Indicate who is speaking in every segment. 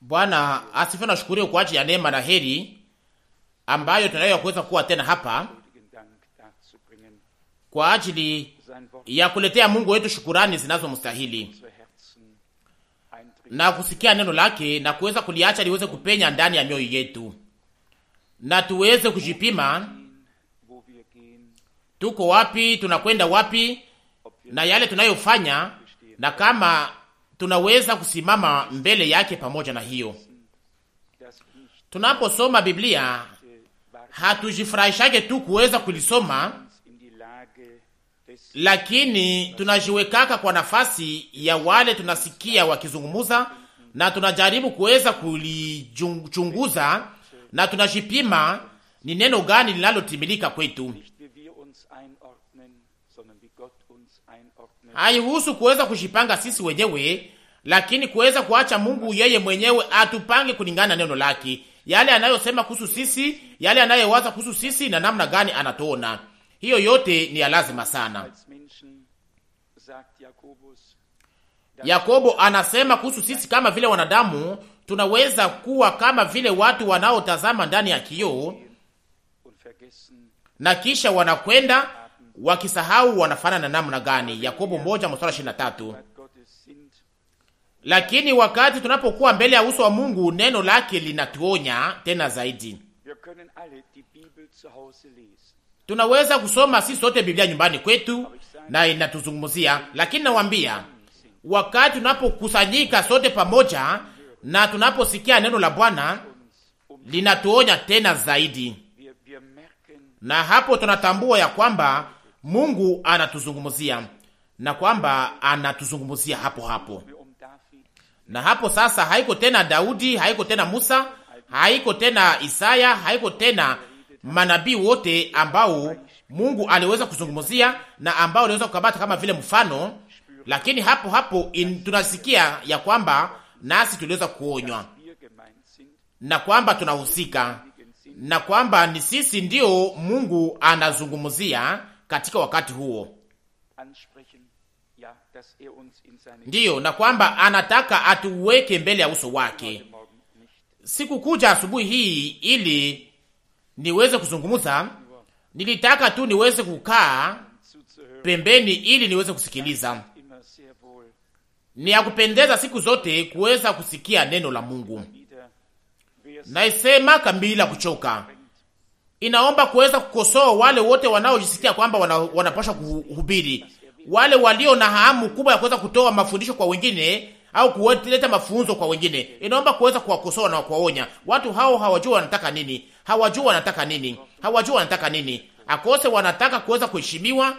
Speaker 1: Bwana asifiwe na shukuriwe kwa ajili ya neema na heri ambayo tunayo ya kuweza kuwa tena hapa kwa ajili ya kuletea Mungu wetu shukurani zinazomstahili na kusikia neno lake na kuweza kuliacha liweze kupenya ndani ya mioyo yetu, na tuweze kujipima tuko wapi, tunakwenda wapi, na yale tunayofanya, na kama tunaweza kusimama mbele yake pamoja na hiyo. Tunaposoma Biblia hatujifurahishake tu kuweza kulisoma, lakini tunajiwekaka kwa nafasi ya wale tunasikia wakizungumuza, na tunajaribu kuweza kulichunguza na tunajipima ni neno gani linalotimilika kwetu haihusu kuweza kushipanga sisi wenyewe, lakini kuweza kuacha Mungu yeye mwenyewe atupange kulingana neno lake, yale anayosema kuhusu sisi, yale anayewaza kuhusu sisi na namna gani anatuona. Hiyo yote ni ya lazima sana. Yakobo anasema kuhusu sisi kama vile wanadamu tunaweza kuwa kama vile watu wanaotazama ndani ya kioo na kisha wanakwenda wakisahau wanafanana namna gani. Yakobo moja mstari ishirini na tatu. Lakini wakati tunapokuwa mbele ya uso wa Mungu, neno lake linatuonya tena zaidi. Tunaweza kusoma sisi sote Biblia nyumbani kwetu na inatuzungumzia, lakini nawambia wakati tunapokusanyika sote pamoja na tunaposikia neno la Bwana linatuonya tena zaidi, na hapo tunatambua ya kwamba Mungu anatuzungumzia na kwamba anatuzungumzia hapo hapo, na hapo sasa haiko tena Daudi, haiko tena Musa, haiko tena Isaya, haiko tena manabii wote ambao Mungu aliweza kuzungumzia na ambao aliweza kukamata kama vile mfano, lakini hapo hapo in, tunasikia ya kwamba nasi tuliweza kuonywa na kwamba tunahusika na kwamba ni sisi ndio Mungu anazungumzia katika wakati huo er ndiyo, na kwamba anataka atuweke mbele ya uso wake. kuja asubuhi hii ili niweze kuzungumza, nilitaka tu niweze kukaa pembeni ili niweze kusikiliza. Er Ni ya kupendeza siku zote kuweza kusikia neno la Mungu, naisema bila kuchoka inaomba kuweza kukosoa wale wote wanaojisikia kwamba wana, wanapaswa kuhubiri, wale walio na hamu kubwa ya kuweza kutoa mafundisho kwa wengine au kuleta mafunzo kwa wengine. Inaomba kuweza kuwakosoa na kuwaonya watu hao. Hawajua wanataka nini, hawajua wanataka nini, hawajua wanataka nini. Akose wanataka kuweza kuheshimiwa,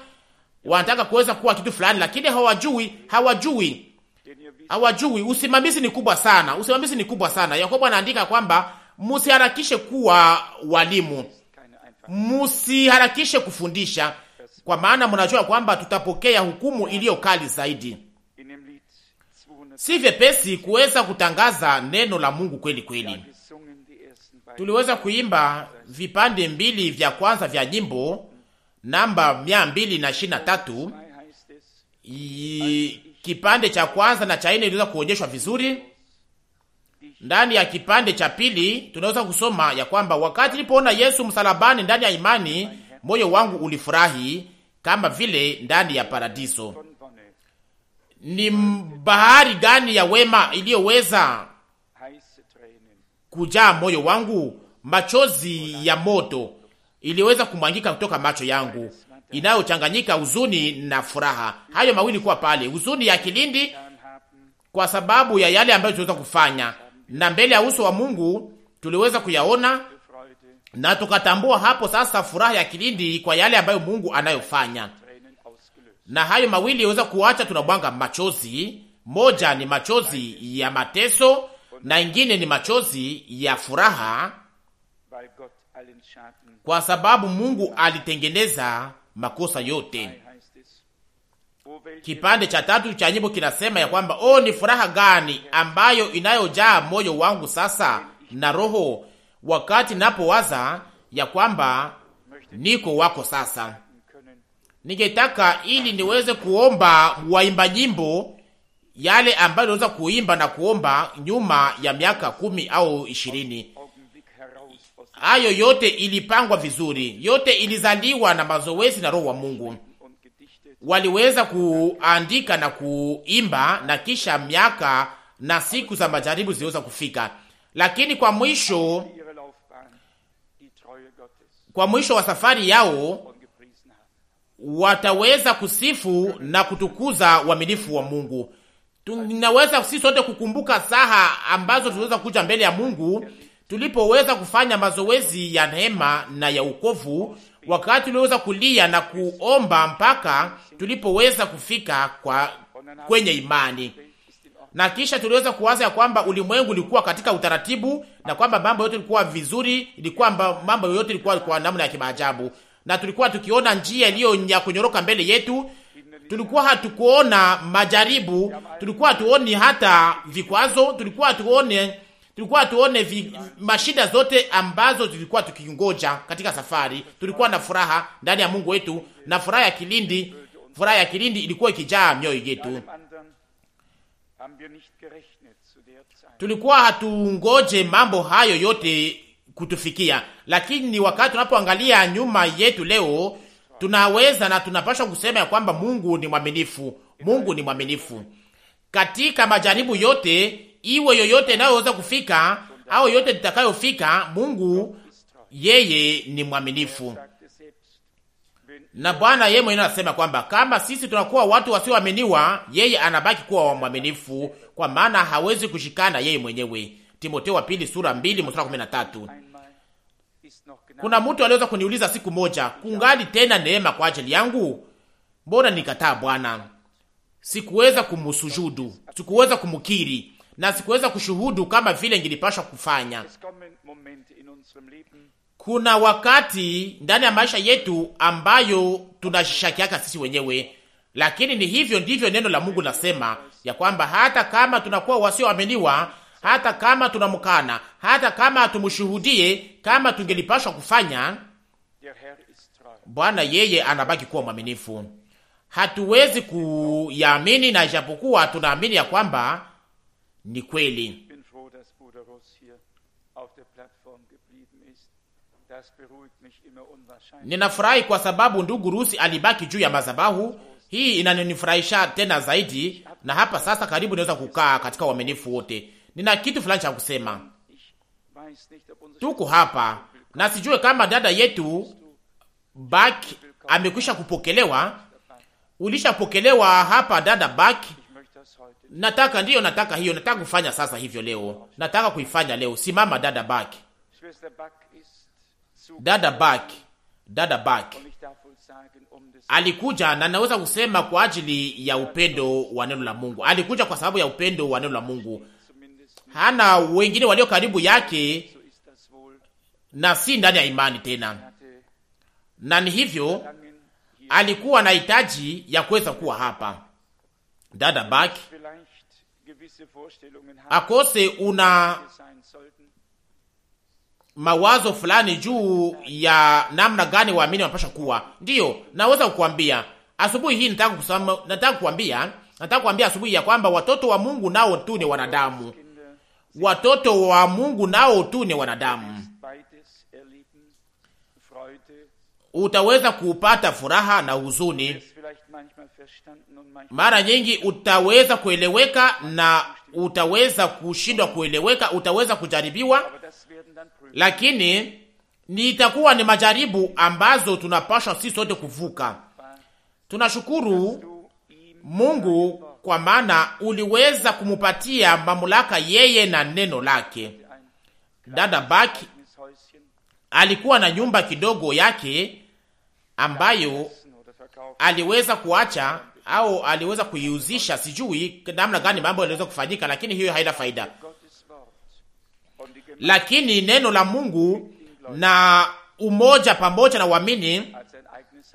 Speaker 1: wanataka kuweza kuwa kitu fulani, lakini hawajui, hawajui, hawajui. Usimamizi ni kubwa sana, usimamizi ni kubwa sana. Yakobo anaandika kwamba msiharakishe kuwa walimu musiharakishe kufundisha, kwa maana mnajua kwamba tutapokea hukumu iliyo kali zaidi. Si vyepesi kuweza kutangaza neno la Mungu kweli kweli. Tuliweza kuimba vipande mbili vya kwanza vya nyimbo namba mia mbili na ishirini na tatu. Kipande cha kwanza na cha nne iliweza kuonyeshwa vizuri ndani ya kipande cha pili tunaweza kusoma ya kwamba wakati nilipoona Yesu msalabani ndani ya imani, moyo wangu ulifurahi kama vile ndani ya paradiso. Ni bahari gani ya wema iliyoweza kujaa moyo wangu! Machozi ya moto iliweza kumwangika kutoka macho yangu, inayochanganyika huzuni na furaha. Hayo mawili kuwa pale, huzuni ya kilindi kwa sababu ya yale ambayo tunaweza kufanya na mbele ya uso wa Mungu tuliweza kuyaona na tukatambua hapo sasa furaha ya kilindi kwa yale ambayo Mungu anayofanya. Na hayo mawili yaweza kuacha tunabwanga machozi. Moja ni machozi ya mateso na ingine ni machozi ya furaha, kwa sababu Mungu alitengeneza makosa yote Kipande cha tatu cha nyimbo kinasema ya kwamba oh, ni furaha gani ambayo inayojaa moyo wangu sasa na roho, wakati napowaza ya kwamba niko wako sasa. Ningetaka ili niweze kuomba waimba nyimbo yale ambayo niweza kuimba na kuomba nyuma ya miaka kumi au ishirini. Hayo yote ilipangwa vizuri, yote ilizaliwa na mazoezi na roho wa Mungu waliweza kuandika na kuimba, na kisha miaka na siku za majaribu ziliweza kufika, lakini kwa mwisho, kwa mwisho wa safari yao wataweza kusifu na kutukuza uaminifu wa Mungu. Tunaweza sisi sote kukumbuka saha ambazo tuliweza kuja mbele ya Mungu tulipoweza kufanya mazoezi ya neema na ya ukovu, wakati tuliweza kulia na kuomba mpaka tulipoweza kufika kwa kwenye imani, na kisha tuliweza kuwaza ya kwamba ulimwengu ulikuwa katika utaratibu na kwamba mambo yote ilikuwa vizuri, ilikuwa mambo yote ilikuwa kwa namna ya kimaajabu, na tulikuwa tukiona njia iliyo ya kunyoroka mbele yetu. Tulikuwa hatukuona majaribu, tulikuwa hatuoni hata vikwazo, tulikuwa hatuone tulikuwa tuone vi, mashida zote ambazo tulikuwa tukingoja katika safari. Tulikuwa na furaha ndani ya Mungu wetu na furaha ya kilindi, furaha ya kilindi ilikuwa ikijaa mioyo yetu. Tulikuwa hatungoje mambo hayo yote kutufikia, lakini wakati tunapoangalia nyuma yetu leo, tunaweza na tunapaswa kusema ya kwamba Mungu ni mwaminifu. Mungu ni mwaminifu katika majaribu yote iwe yoyote inayoweza kufika au yote itakayofika, Mungu yeye ni mwaminifu. Na Bwana yeye mwenyewe anasema kwamba kama sisi tunakuwa watu wasioaminiwa, yeye anabaki kuwa mwaminifu, kwa maana hawezi kushikana yeye mwenyewe. Timoteo wa pili sura mbili mstari kumi na tatu. Kuna mtu aliweza kuniuliza siku moja, kungali tena neema kwa ajili yangu? Mbona nikataa Bwana, sikuweza kumsujudu, sikuweza kumkiri na sikuweza kushuhudu kama vile ngilipashwa kufanya. Kuna wakati ndani ya maisha yetu ambayo tunashakiaka sisi wenyewe, lakini ni hivyo ndivyo neno la Mungu nasema ya kwamba hata kama tunakuwa wasioaminiwa, hata kama tunamkana, hata kama tumshuhudie kama tungelipashwa kufanya, Bwana yeye anabaki kuwa mwaminifu. Hatuwezi kuyaamini na ijapokuwa tunaamini ya kwamba ni kweli. Ninafurahi kwa sababu ndugu Rusi alibaki juu ya mazabahu. Hii inanifurahisha tena zaidi, na hapa sasa karibu inaweza kukaa katika uaminifu wote. Nina kitu fulani cha kusema, tuko hapa na sijue kama dada yetu Bak amekwisha kupokelewa. Ulishapokelewa hapa dada Bak, Nataka, ndiyo, nataka hiyo, nataka kufanya sasa hivyo leo, nataka kuifanya leo. Simama dada Bak, dada Bak, dada Bak alikuja na naweza kusema kwa ajili ya upendo wa neno la Mungu. Alikuja kwa sababu ya upendo wa neno la Mungu. Hana wengine walio karibu yake, na si ndani ya imani tena, na ni hivyo alikuwa na hitaji ya kuweza kuwa hapa dada Bak
Speaker 2: akose una
Speaker 1: mawazo fulani juu ya namna gani waamini wanapasha kuwa. Ndiyo, naweza kukuambia asubuhi hii nataka kusema, nataka kuambia nataka kuambia asubuhi ya kwamba watoto wa Mungu nao tu ni wanadamu, watoto wa Mungu nao tu ni wanadamu utaweza kupata furaha na huzuni. Mara nyingi utaweza kueleweka na utaweza kushindwa kueleweka, utaweza kujaribiwa, lakini nitakuwa ni majaribu ambazo tunapashwa sisi sote kuvuka. Tunashukuru Mungu kwa maana uliweza kumupatia mamlaka yeye na neno lake. Dada Baki alikuwa na nyumba kidogo yake ambayo aliweza kuacha au aliweza kuiuzisha. Sijui namna gani mambo yaliweza kufanyika, lakini hiyo haina faida. Lakini neno la Mungu na umoja pamoja na uamini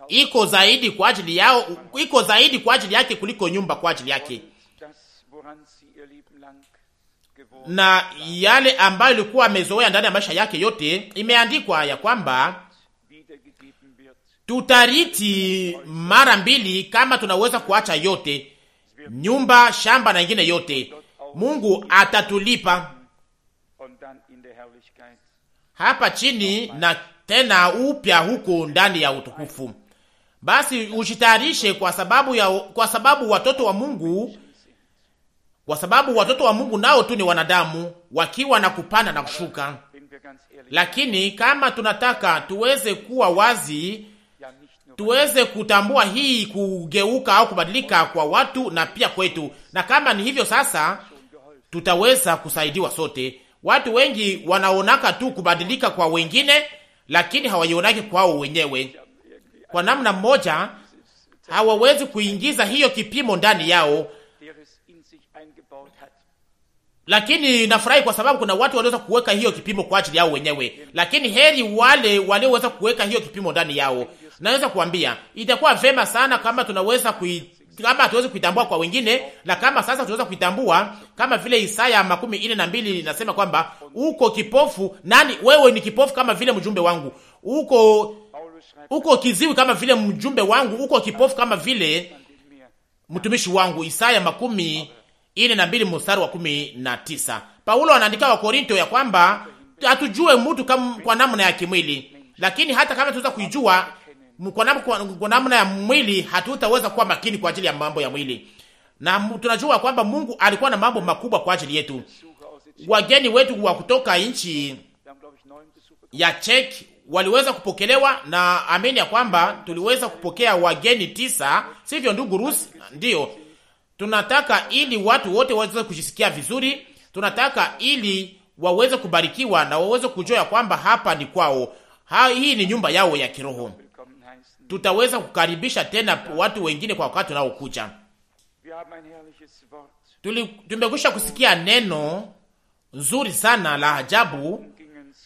Speaker 1: iko zaidi kwa ajili yao, iko zaidi kwa ajili yake kuliko nyumba kwa ajili yake na yale ambayo ilikuwa amezoea ndani ya maisha yake yote. Imeandikwa ya kwamba tutariti mara mbili kama tunaweza kuacha yote, nyumba, shamba na ingine yote. Mungu atatulipa hapa chini na tena upya huko ndani ya utukufu. Basi ujitayarishe kwa sababu ya, kwa sababu watoto wa Mungu kwa sababu watoto wa Mungu nao tu ni wanadamu wakiwa na kupanda na kushuka. Lakini kama tunataka tuweze kuwa wazi, tuweze kutambua hii kugeuka au kubadilika kwa watu na pia kwetu, na kama ni hivyo sasa, tutaweza kusaidiwa sote. Watu wengi wanaonaka tu kubadilika kwa wengine, lakini hawaionaki kwao wenyewe. Kwa namna mmoja, hawawezi kuingiza hiyo kipimo ndani yao lakini nafurahi kwa sababu kuna watu waliweza kuweka hiyo kipimo kwa ajili yao wenyewe, lakini heri wale walioweza kuweka hiyo kipimo ndani yao. Naweza kuambia itakuwa vema sana kama tunaweza kui, kama tuweze kuitambua kwa wengine, na kama sasa tunaweza kuitambua kama vile Isaya makumi ine na mbili inasema kwamba uko kipofu nani? Wewe ni kipofu kama vile mjumbe wangu, uko uko kiziwi kama vile mjumbe wangu, uko kipofu kama vile mtumishi wangu. Isaya makumi ine na mbili mstari wa kumi na tisa. Paulo anaandika wa Korinto ya kwamba hatujue mtu kwa namna ya kimwili, lakini hata kama tuweza kuijua kwa namna ya mwili, hatutaweza kuwa makini kwa ajili ya mambo ya mwili, na tunajua kwamba Mungu alikuwa na mambo makubwa kwa ajili yetu. Wageni wetu wa kutoka nchi ya Cheki waliweza kupokelewa na amini ya kwamba tuliweza kupokea wageni tisa, sivyo ndugu Rusi? Ndiyo Tunataka ili watu wote waweze kujisikia vizuri, tunataka ili waweze kubarikiwa na waweze kujua ya kwamba hapa ni kwao, ha, hii ni nyumba yao ya kiroho. Tutaweza kukaribisha tena watu wengine kwa wakati unaokuja. Tumekwisha kusikia neno nzuri sana la ajabu,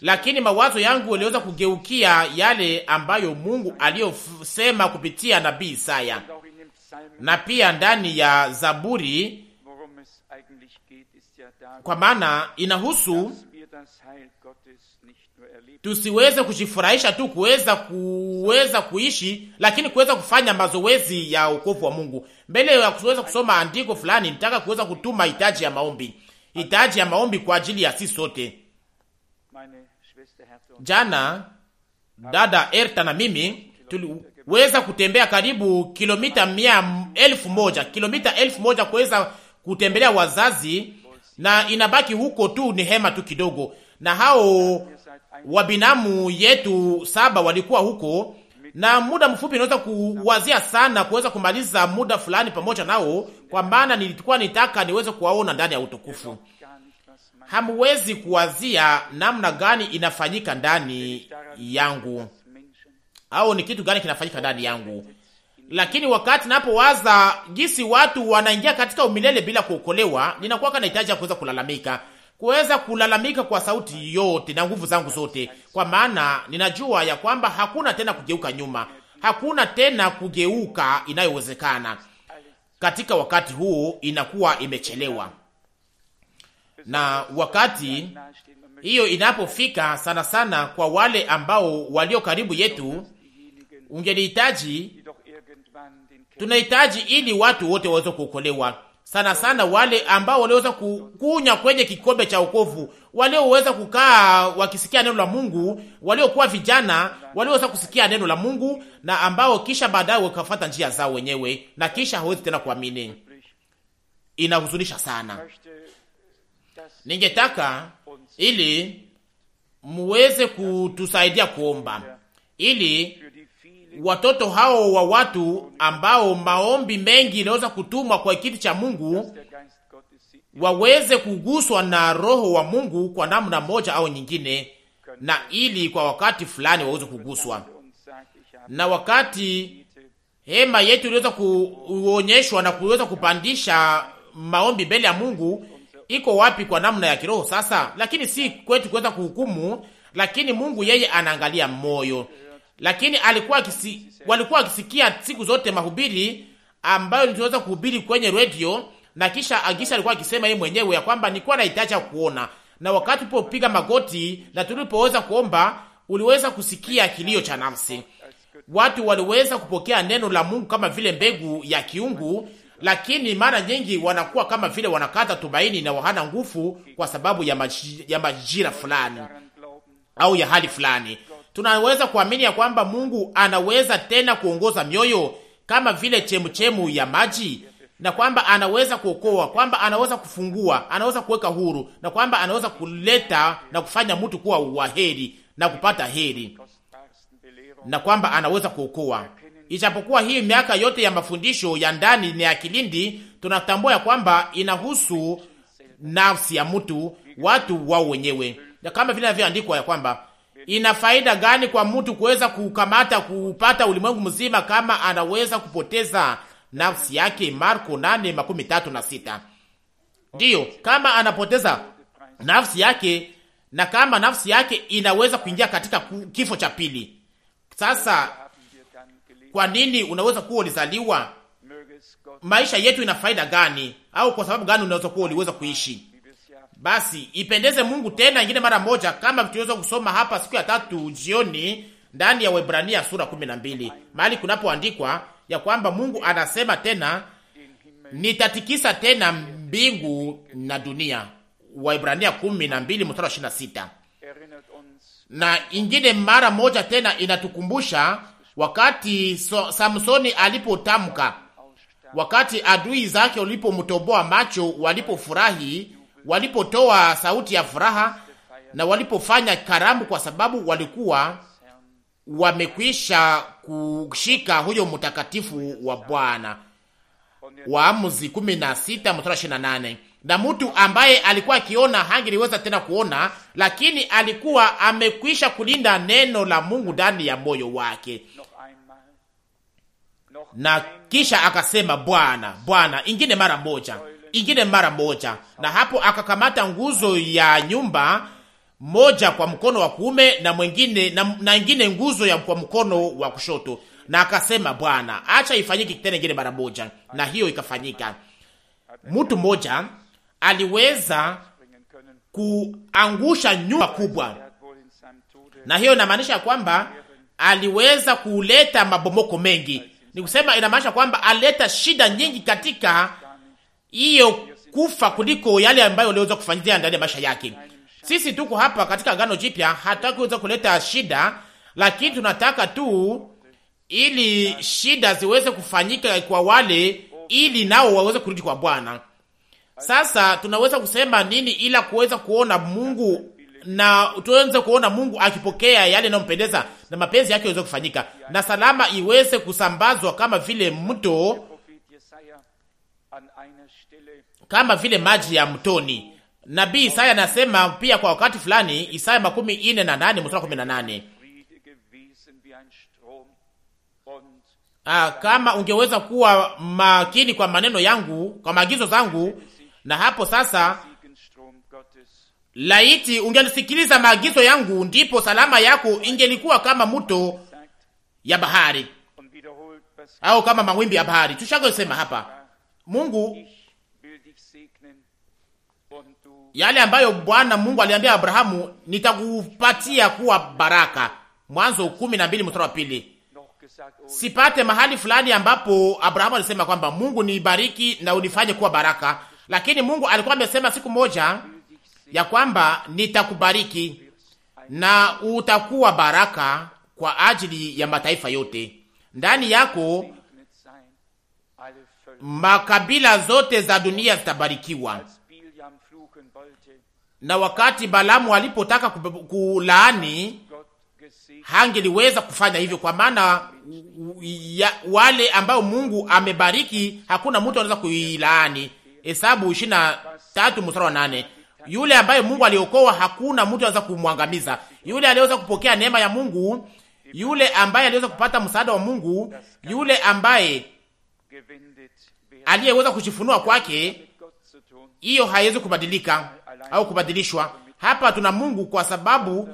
Speaker 1: lakini mawazo yangu yaliweza kugeukia yale ambayo Mungu aliyosema kupitia nabii Isaya na pia ndani ya Zaburi, kwa maana inahusu tusiweze kujifurahisha tu kuweza kuweza kuishi, lakini kuweza kufanya mazoezi ya ukovu wa Mungu. Mbele ya kuweza kusoma andiko fulani, nitaka kuweza kutuma hitaji ya maombi, hitaji ya maombi kwa ajili ya sisi sote. Jana dada Erta na mimi tuli, kuweza kutembea karibu kilomita mia elfu moja kilomita elfu moja kuweza kutembelea wazazi, na inabaki huko tu ni hema tu kidogo, na hao wabinamu yetu saba walikuwa huko, na muda mfupi naweza kuwazia sana kuweza kumaliza muda fulani pamoja nao, kwa maana nilikuwa nitaka niweze kuwaona ndani ya utukufu. Hamwezi kuwazia namna gani inafanyika ndani yangu au ni kitu gani kinafanyika ndani yangu. Lakini wakati napowaza jinsi watu wanaingia katika umilele bila kuokolewa, ninakuwa na hitaji ya kuweza kulalamika, kuweza kulalamika kwa sauti yote na nguvu zangu zote, kwa maana ninajua ya kwamba hakuna tena kugeuka nyuma, hakuna tena kugeuka inayowezekana katika wakati huu, inakuwa imechelewa. Na wakati hiyo inapofika, sana sana kwa wale ambao walio karibu yetu ungelihitaji, tunahitaji ili watu wote waweze kuokolewa, sana sana wale ambao waliweza kukunya kwenye kikombe cha wokovu, walioweza kukaa wakisikia neno la Mungu, waliokuwa vijana walioweza kusikia neno la Mungu na ambao kisha baadaye wakafuata njia zao wenyewe na kisha hawezi tena kuamini. Inahuzunisha sana. Ningetaka ili muweze kutusaidia kuomba ili watoto hao wa watu ambao maombi mengi inaweza kutumwa kwa kiti cha Mungu waweze kuguswa na Roho wa Mungu kwa namna moja au nyingine, na ili kwa wakati fulani waweze kuguswa na wakati hema yetu iliweza kuonyeshwa na kuweza kupandisha maombi mbele ya Mungu iko wapi kwa namna ya kiroho sasa, lakini si kwetu kuweza kuhukumu, lakini Mungu yeye anaangalia moyo lakini alikuwa kisi, walikuwa wakisikia siku zote mahubiri ambayo niliweza kuhubiri kwenye redio, na kisha agisha alikuwa akisema yeye mwenyewe ya kwamba nilikuwa nahitaji kuona, na wakati tulipopiga magoti na tulipoweza kuomba, uliweza kusikia kilio cha nafsi. Watu waliweza kupokea neno la Mungu kama vile mbegu ya kiungu, lakini mara nyingi wanakuwa kama vile wanakata tumaini na wahana nguvu kwa sababu ya majira fulani au ya hali fulani tunaweza kuamini ya kwamba Mungu anaweza tena kuongoza mioyo kama vile chemuchemu ya maji, na kwamba anaweza kuokoa, kwamba anaweza kufungua, anaweza kuweka huru, na kwamba anaweza kuleta na kufanya mtu kuwa waheri na kupata heri, na kwamba anaweza kuokoa. Ijapokuwa hii miaka yote ya mafundisho ya ndani na ya kilindi, tunatambua ya kwamba inahusu nafsi ya mtu, watu wao wenyewe, na kama vile inavyoandikwa ya kwamba ina faida gani kwa mtu kuweza kukamata kupata ulimwengu mzima kama anaweza kupoteza nafsi yake? Marko nane na Ndiyo, kama anapoteza nafsi yake na kama nafsi yake inaweza kuingia katika kifo cha pili. Sasa kwa nini unaweza kuwa ulizaliwa? Maisha yetu ina faida gani? Au kwa sababu gani unaweza kuwa uliweza kuishi? basi ipendeze Mungu tena ingine mara moja, kama tuliweza kusoma hapa siku ya tatu jioni ndani ya Waebrania sura 12 mahali kunapoandikwa ya kwamba Mungu anasema tena, nitatikisa tena mbingu na dunia. Waebrania 12 mstari Na ingine mara moja tena inatukumbusha wakati so, Samsoni alipotamka wakati adui zake walipomtoboa macho walipofurahi walipotoa sauti ya furaha na walipofanya karamu, kwa sababu walikuwa wamekwisha kushika huyo mtakatifu wa Bwana. Waamuzi 16:28 Na mtu ambaye alikuwa akiona hangeliweza tena kuona, lakini alikuwa amekwisha kulinda neno la Mungu ndani ya moyo wake. Na kisha akasema, Bwana, Bwana, ingine mara moja ingine mara moja, na hapo akakamata nguzo ya nyumba moja kwa mkono wa kuume na mwingine na, na ingine nguzo ya kwa mkono wa kushoto, na akasema, Bwana, acha ifanyike tena ingine mara moja, na hiyo ikafanyika. Mtu mmoja aliweza kuangusha nyumba kubwa, na hiyo inamaanisha kwamba aliweza kuleta mabomoko mengi. Ni kusema inamaanisha kwamba alileta shida nyingi katika hiyo kufa kuliko yale ambayo uliweza kufanyia ndani ya maisha yake. Sisi tuko hapa katika Agano Jipya, hatutaki kuweza kuleta shida, lakini tunataka tu ili shida ziweze kufanyika kwa wale, ili nao waweze kurudi kwa Bwana. Sasa tunaweza kusema nini ila kuweza kuona Mungu na tuweze kuona Mungu akipokea yale yanayompendeza na mapenzi yake yaweze kufanyika na salama iweze kusambazwa kama vile mto kama vile maji ya mtoni. Nabii Isaya anasema pia kwa wakati fulani, Isaya makumi ine na nane mstari kumi na nane ah, kama ungeweza kuwa makini kwa maneno yangu, kwa maagizo zangu, na hapo sasa laiti ungelisikiliza maagizo yangu, ndipo salama yako ingelikuwa kama mto ya bahari au kama mawimbi ya bahari. Tushakosema hapa Mungu yale ambayo Bwana Mungu aliambia Abrahamu, nitakupatia kuwa baraka. Mwanzo kumi na mbili mstari wa pili. Sipate mahali fulani ambapo Abrahamu alisema kwamba Mungu nibariki na unifanye kuwa baraka, lakini Mungu alikuwa amesema siku moja ya kwamba nitakubariki na utakuwa baraka kwa ajili ya mataifa yote. Ndani yako makabila zote za dunia zitabarikiwa na wakati Balamu alipotaka kulaani hangeliweza kufanya hivyo, kwa maana wale ambao Mungu amebariki hakuna mtu anaweza kuilaani. Hesabu ishirini tatu mstari wa nane. Yule ambaye Mungu aliokoa hakuna mtu anaweza kumwangamiza. Yule aliweza kupokea neema ya Mungu, yule ambaye aliweza kupata msaada wa Mungu, yule ambaye aliyeweza kujifunua kwake, hiyo haiwezi kubadilika au kubadilishwa. Hapa tuna Mungu kwa sababu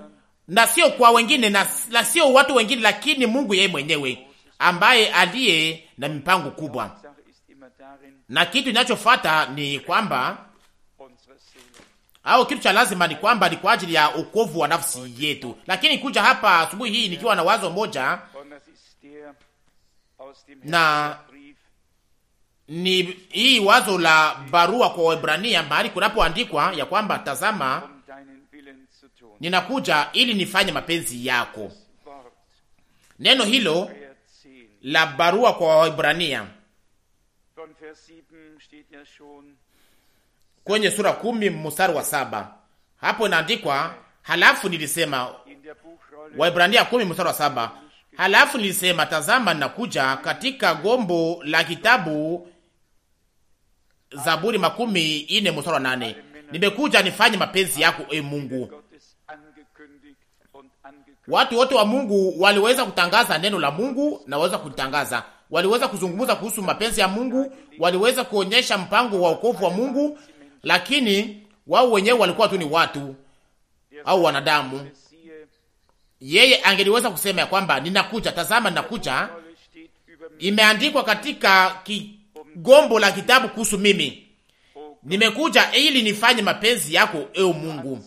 Speaker 1: na sio kwa wengine na, na sio watu wengine, lakini Mungu yeye mwenyewe ambaye aliye na mipango kubwa, na kitu inachofata ni kwamba au kitu cha lazima ni kwamba ni kwa ajili ya ukovu wa nafsi yetu. Lakini kuja hapa asubuhi hii nikiwa na wazo moja na ni hii wazo la barua kwa Waebrania mahali kunapoandikwa ya kwamba tazama, ninakuja ili nifanye mapenzi yako. Neno hilo la barua kwa Waebrania kwenye sura kumi mstari wa saba hapo inaandikwa, halafu nilisema. Waebrania kumi mstari wa saba halafu nilisema, tazama, ninakuja katika gombo la kitabu Zaburi makumi ine mstari wa nane nimekuja nifanye mapenzi yako e Mungu. Watu wote wa Mungu waliweza kutangaza neno la Mungu na waweza kutangaza, waliweza kuzungumza kuhusu mapenzi ya Mungu, waliweza kuonyesha mpango wa wokovu wa Mungu, lakini wao wenyewe walikuwa tu ni watu au wanadamu. Yeye angeliweza kusema ya kwamba ninakuja, tazama, ninakuja. Imeandikwa katika ki gombo la kitabu kuhusu mimi. Nimekuja ili nifanye mapenzi yako, ewe Mungu,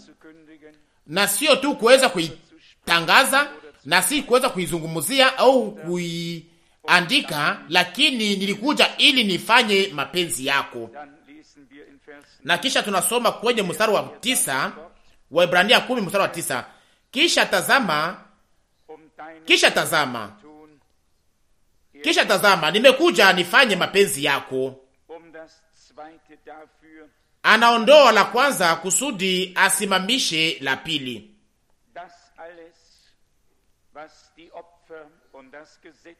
Speaker 1: na sio tu kuweza kuitangaza na si kuweza kuizungumzia au kuiandika, lakini nilikuja ili nifanye mapenzi yako. Na kisha tunasoma kwenye mstari wa tisa wa Ibrania kumi mstari wa tisa kisha tazama, kisha tazama kisha tazama, nimekuja nifanye mapenzi yako. Anaondoa la kwanza kusudi asimamishe la pili.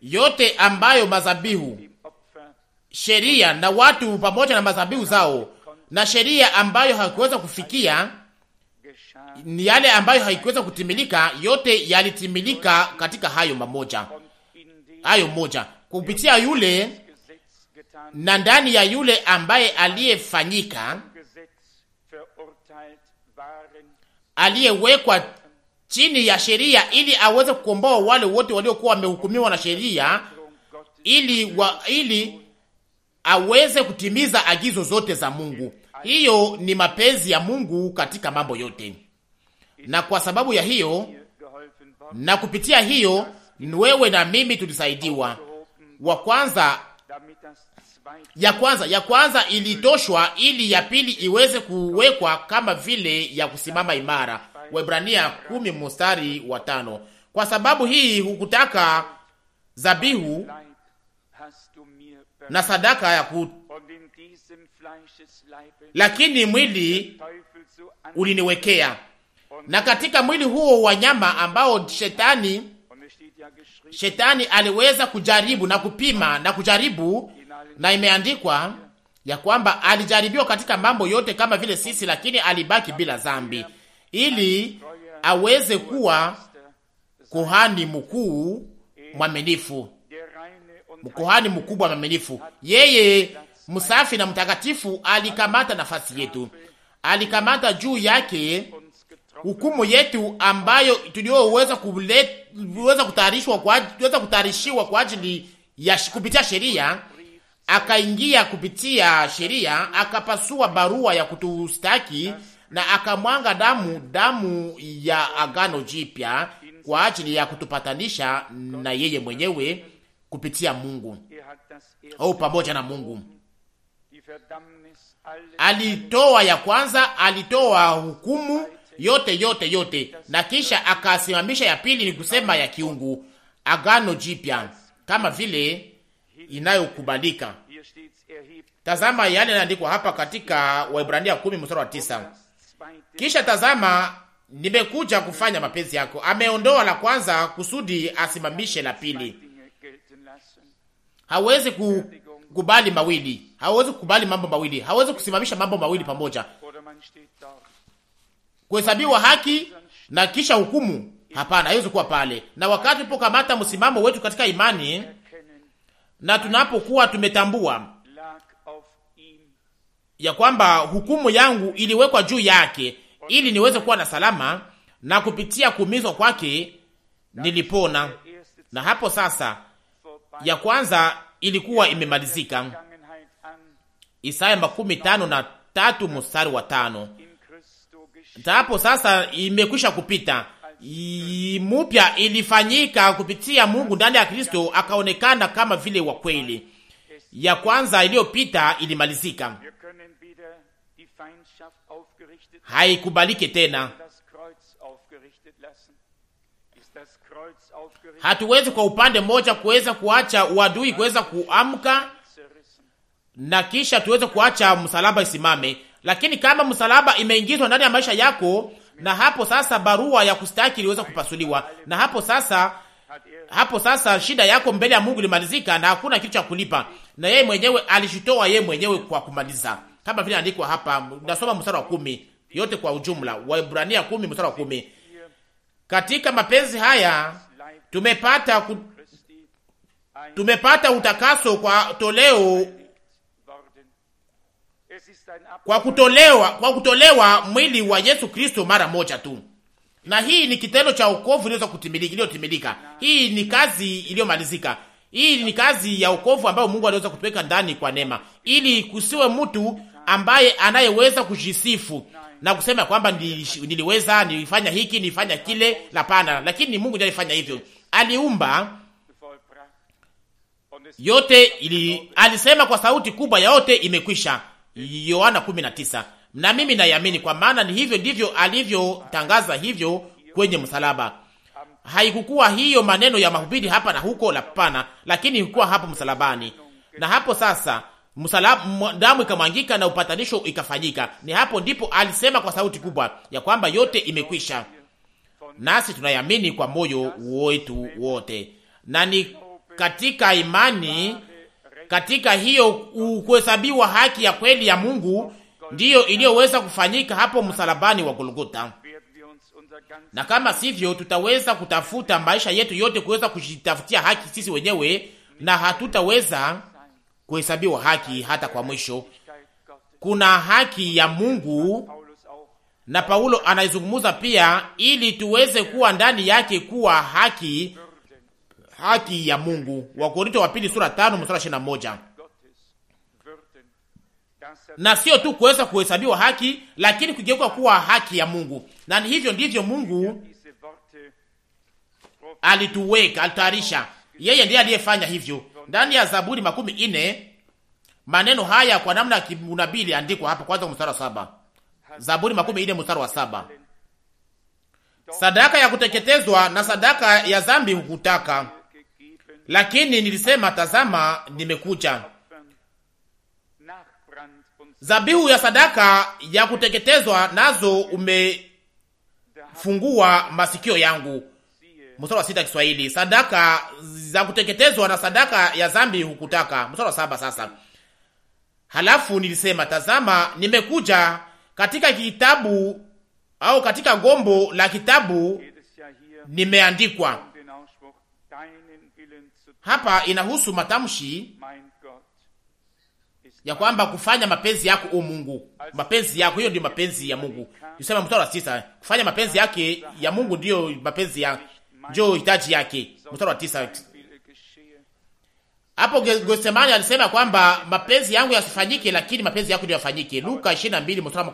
Speaker 1: Yote ambayo mazabihu, sheria na watu pamoja na mazabihu zao, na sheria ambayo hakuweza kufikia ni yale ambayo haikuweza kutimilika, yote yalitimilika katika hayo mamoja, hayo moja kupitia yule na ndani ya yule ambaye aliyefanyika aliyewekwa chini ya sheria ili aweze kukomboa wale wote waliokuwa wamehukumiwa na sheria ili, wa, ili aweze kutimiza agizo zote za Mungu. Hiyo ni mapenzi ya Mungu katika mambo yote, na kwa sababu ya hiyo na kupitia hiyo, wewe na mimi tulisaidiwa wa kwanza ya kwanza ya kwanza ilitoshwa ili ya pili iweze kuwekwa kama vile ya kusimama imara. Waebrania kumi mstari wa tano. Kwa sababu hii hukutaka zabihu na sadaka ya ku, lakini mwili uliniwekea, na katika mwili huo wa nyama ambao shetani Shetani aliweza kujaribu na kupima na kujaribu, na imeandikwa ya kwamba alijaribiwa katika mambo yote kama vile sisi, lakini alibaki bila zambi, ili aweze kuwa kuhani mkuu mwaminifu, kuhani mkubwa mwaminifu. Yeye msafi na mtakatifu alikamata nafasi yetu, alikamata juu yake hukumu yetu ambayo tuliyoweza kuleta weza kutayarishwa kwa weza kutayarishiwa kwa ajili ya kupitia sheria, akaingia kupitia sheria, akapasua barua ya kutustaki na akamwanga damu damu ya agano jipya kwa ajili ya kutupatanisha na yeye mwenyewe kupitia Mungu au pamoja na Mungu. Alitoa ya kwanza, alitoa hukumu yote yote yote, na kisha akasimamisha ya pili, ni kusema ya kiungu, agano jipya kama vile inayokubalika. Tazama yale yanaandikwa hapa katika Waebrania 10 mstari wa 9, kisha tazama nimekuja kufanya mapenzi yako. Ameondoa la kwanza kusudi asimamishe la pili. Hawezi kukubali mawili, hawezi kukubali mambo mawili, hawezi kusimamisha mambo mawili pamoja kuhesabiwa haki na kisha hukumu. Hapana, haiwezi kuwa pale. Na wakati tupokamata msimamo wetu katika imani na tunapokuwa tumetambua ya kwamba hukumu yangu iliwekwa juu yake ili niweze kuwa na salama, na kupitia kuumizwa kwake nilipona. Na hapo sasa ya kwanza ilikuwa imemalizika. Isaya makumi tano na tatu mstari wa tano hapo sasa imekwisha kupita. Mupya ilifanyika kupitia Mungu ndani ya Kristo, akaonekana kama vile wa kweli. Ya kwanza iliyopita ilimalizika, haikubaliki tena. Hatuwezi kwa upande mmoja kuweza kuacha uadui kuweza kuamka na kisha tuweze kuacha msalaba isimame. Lakini kama msalaba imeingizwa ndani ya maisha yako, na hapo sasa barua ya kustaki iliweza kupasuliwa, na hapo sasa hapo sasa shida yako mbele ya Mungu ilimalizika, na hakuna kitu cha kulipa, na yeye mwenyewe alishitoa yeye mwenyewe kwa kumaliza, kama vile andikwa hapa. Nasoma mstari wa kumi yote kwa ujumla, Waebrania kumi mstari wa kumi. Katika mapenzi haya tumepata ku, tumepata utakaso kwa toleo kwa kutolewa, kwa kutolewa mwili wa Yesu Kristo mara moja tu, na hii ni kitendo cha wokovu iliyotimilika. Hii ni kazi iliyomalizika. Hii ni kazi ya wokovu ambayo Mungu aliweza kutuweka ndani kwa neema, ili kusiwe mtu ambaye anayeweza kujisifu na kusema kwamba niliweza, nilifanya hiki, nilifanya kile. Hapana, lakini ni Mungu ndiye alifanya hivyo. Aliumba yote ili, alisema kwa sauti kubwa, yote imekwisha. Yohana 19. Na mimi naiamini kwa maana ni hivyo ndivyo alivyotangaza hivyo kwenye msalaba. Haikukuwa hiyo maneno ya mahubiri hapa na huko, lapana, lakini ilikuwa hapo msalabani. Na hapo sasa msalaba, damu ikamwangika na upatanisho ikafanyika. Ni hapo ndipo alisema kwa sauti kubwa ya kwamba yote imekwisha, nasi tunayamini kwa moyo wetu wote, na ni katika imani katika hiyo kuhesabiwa haki ya kweli ya Mungu ndiyo iliyoweza kufanyika hapo msalabani wa Golgotha. Na kama sivyo, tutaweza kutafuta maisha yetu yote kuweza kujitafutia haki sisi wenyewe, na hatutaweza kuhesabiwa haki hata kwa mwisho. Kuna haki ya Mungu na Paulo anaizungumuza pia, ili tuweze kuwa ndani yake kuwa haki haki ya Mungu. Wakorinto wa pili sura tano mstari ishirini na moja. Na sio tu kuweza kuhesabiwa haki, lakini kugeuka kuwa haki ya Mungu, na hivyo ndivyo Mungu alituweka, alitayarisha. Yeye ndiye aliyefanya hivyo. Ndani ya Zaburi makumi ine maneno haya kwa namna ya kiunabii iliandikwa hapa, kwanza mstari wa saba. Zaburi makumi ine mstari wa saba. Sadaka ya kuteketezwa na sadaka ya dhambi hukutaka, lakini nilisema, tazama, nimekuja. Zabihu ya sadaka ya kuteketezwa nazo umefungua masikio yangu. Mstari wa sita Kiswahili, sadaka za kuteketezwa na sadaka ya zambi hukutaka. Mstari wa saba Sasa halafu nilisema, tazama, nimekuja katika kitabu au katika gombo la kitabu nimeandikwa hapa inahusu matamshi ya kwamba kufanya mapenzi yako o Mungu, mapenzi yako hiyo ndio mapenzi ya Mungu. Tusema mstari wa tisa, kufanya mapenzi yake ya Mungu ndiyo mapenzi ya ndio hitaji yake. Mstari wa tisa hapo Gethsemane alisema kwamba mapenzi yangu yasifanyike, lakini mapenzi yako ndio yafanyike. Luka 22 mstari wa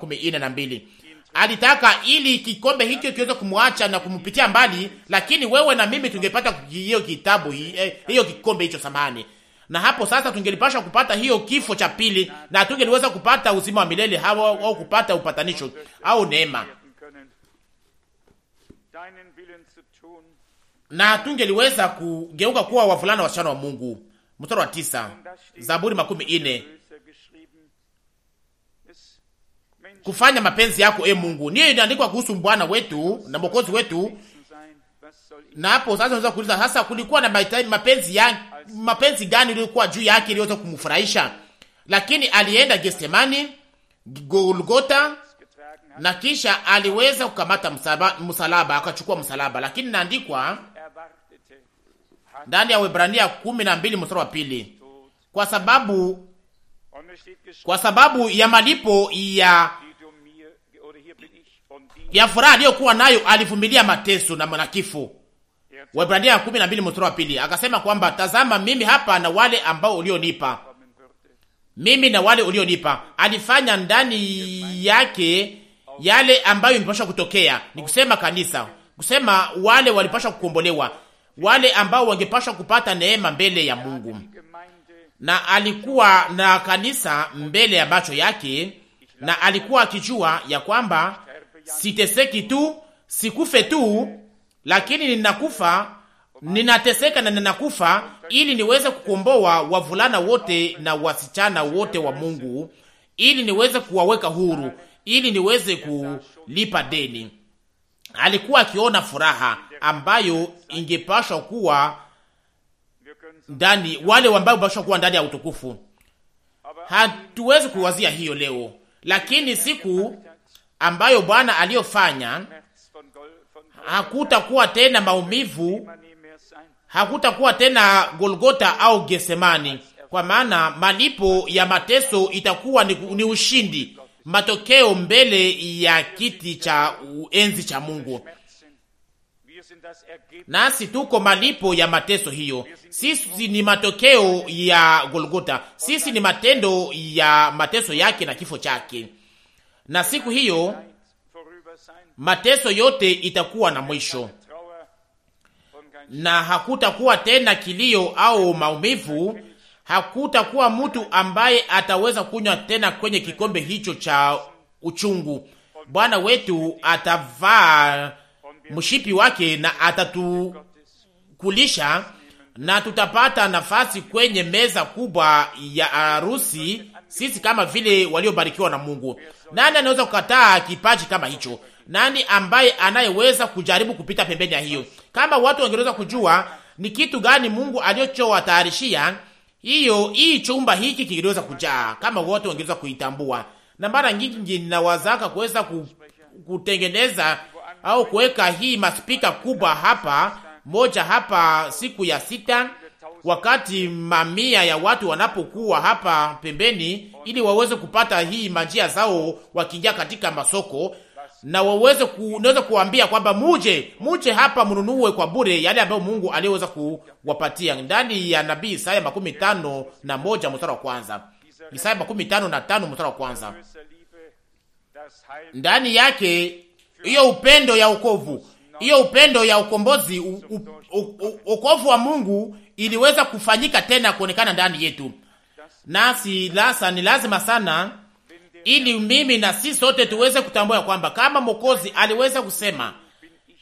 Speaker 1: alitaka ili kikombe hicho kiweze kumwacha na kumpitia mbali, lakini wewe na mimi tungepata hiyo kitabu eh, hiyo kikombe hicho samani, na hapo sasa tungelipasha kupata hiyo kifo cha pili, na tungeliweza kupata uzima wa milele hawa, au kupata upatanisho au neema, na tungeliweza kugeuka kuwa wavulana wasichana wa Mungu. Mstari wa tisa, Zaburi makumi ine kufanya mapenzi yako e Mungu. Niyo inaandikwa kuhusu Bwana wetu na Mwokozi wetu. Na hapo sasa unaweza kuuliza sasa, kulikuwa na mapenzi ya mapenzi gani iliyokuwa juu yake iliyoweza kumfurahisha? Lakini alienda Gethsemani, Golgotha na kisha aliweza kukamata msalaba, msalaba akachukua msalaba. Lakini naandikwa ndani ya Waebrania 12 mstari wa pili, kwa sababu kwa sababu ya malipo ya ya furaha aliyokuwa nayo alivumilia mateso na manakifo. Waebrania 12 mstari wa pili akasema kwamba tazama, mimi hapa na wale ambao ulionipa mimi na wale ulionipa. Alifanya ndani yake yale ambayo imepashwa kutokea, ni kusema kanisa, kusema wale walipashwa kukombolewa, wale ambao wangepashwa kupata neema mbele ya Mungu, na alikuwa na kanisa mbele ya macho yake, na alikuwa akijua ya kwamba siteseki tu, sikufe tu, lakini ninakufa, ninateseka na ninakufa, ili niweze kukomboa wavulana wote na wasichana wote wa Mungu, ili niweze kuwaweka huru, ili niweze kulipa deni. Alikuwa akiona furaha ambayo ingepashwa kuwa ndani wale ambao wapashwa kuwa ndani ya utukufu. Hatuwezi kuwazia hiyo leo, lakini siku ambayo Bwana aliyofanya, hakutakuwa tena maumivu, hakutakuwa tena Golgota au Gesemani, kwa maana malipo ya mateso itakuwa ni, ni ushindi, matokeo mbele ya kiti cha enzi cha Mungu. Nasi tuko malipo ya mateso hiyo. Sisi ni matokeo ya Golgota, sisi ni matendo ya mateso yake na kifo chake na siku hiyo mateso yote itakuwa na mwisho, na hakutakuwa tena kilio au maumivu. Hakutakuwa mtu ambaye ataweza kunywa tena kwenye kikombe hicho cha uchungu. Bwana wetu atavaa mshipi wake na atatukulisha, na tutapata nafasi kwenye meza kubwa ya harusi sisi kama vile waliobarikiwa na Mungu. Nani anaweza kukataa kipaji kama hicho? Nani ambaye anayeweza kujaribu kupita pembeni ya hiyo? Kama watu wangeweza kujua ni kitu gani Mungu alichowatayarishia hiyo, hii chumba hiki kingeweza kujaa, kama watu wangeweza kuitambua. Na mara nyingi ninawazaka kuweza kutengeneza au kuweka hii maspika kubwa hapa moja hapa siku ya sita wakati mamia ya watu wanapokuwa hapa pembeni, ili waweze kupata hii manjia zao wakiingia katika masoko, na waweze ku, naweza kuambia kwamba muje muje hapa mnunue kwa bure yale ambayo Mungu aliyeweza kuwapatia ndani ya nabii Isaya makumi tano na moja mstari wa kwanza Isaya makumi tano na tano mstari wa kwanza ndani yake hiyo upendo ya ukovu hiyo upendo ya ukombozi, ukovu wa Mungu iliweza kufanyika tena kuonekana ndani yetu. Nasi lasa ni lazima sana, ili mimi na si sote tuweze kutambua ya kwamba kama Mwokozi aliweza kusema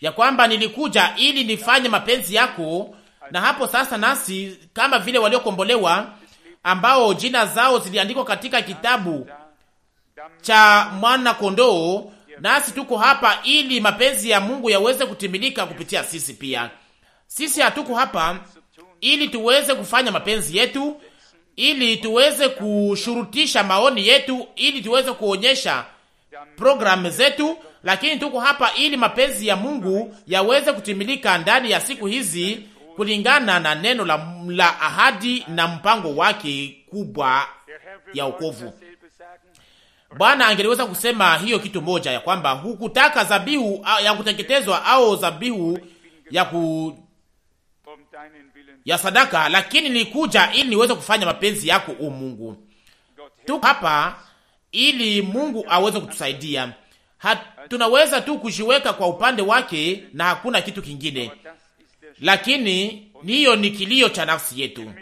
Speaker 1: ya kwamba nilikuja ili nifanye mapenzi yako, na hapo sasa nasi kama vile waliokombolewa ambao jina zao ziliandikwa katika kitabu cha mwana kondoo, nasi tuko hapa ili mapenzi ya Mungu yaweze kutimilika kupitia sisi pia. Sisi hatuko hapa ili tuweze kufanya mapenzi yetu, ili tuweze kushurutisha maoni yetu, ili tuweze kuonyesha programu zetu, lakini tuko hapa ili mapenzi ya Mungu yaweze kutimilika ndani ya siku hizi kulingana na neno la, la ahadi na mpango wake kubwa ya wokovu. Bwana angeliweza kusema hiyo kitu moja ya kwamba hukutaka zabihu ya kuteketezwa au zabihu ya ku ya sadaka, lakini nilikuja ili niweze kufanya mapenzi yako, u Mungu. Tuko hapa ili Mungu aweze kutusaidia. Tunaweza tu kujiweka kwa upande wake na hakuna kitu kingine, lakini niyo ni kilio cha nafsi yetu,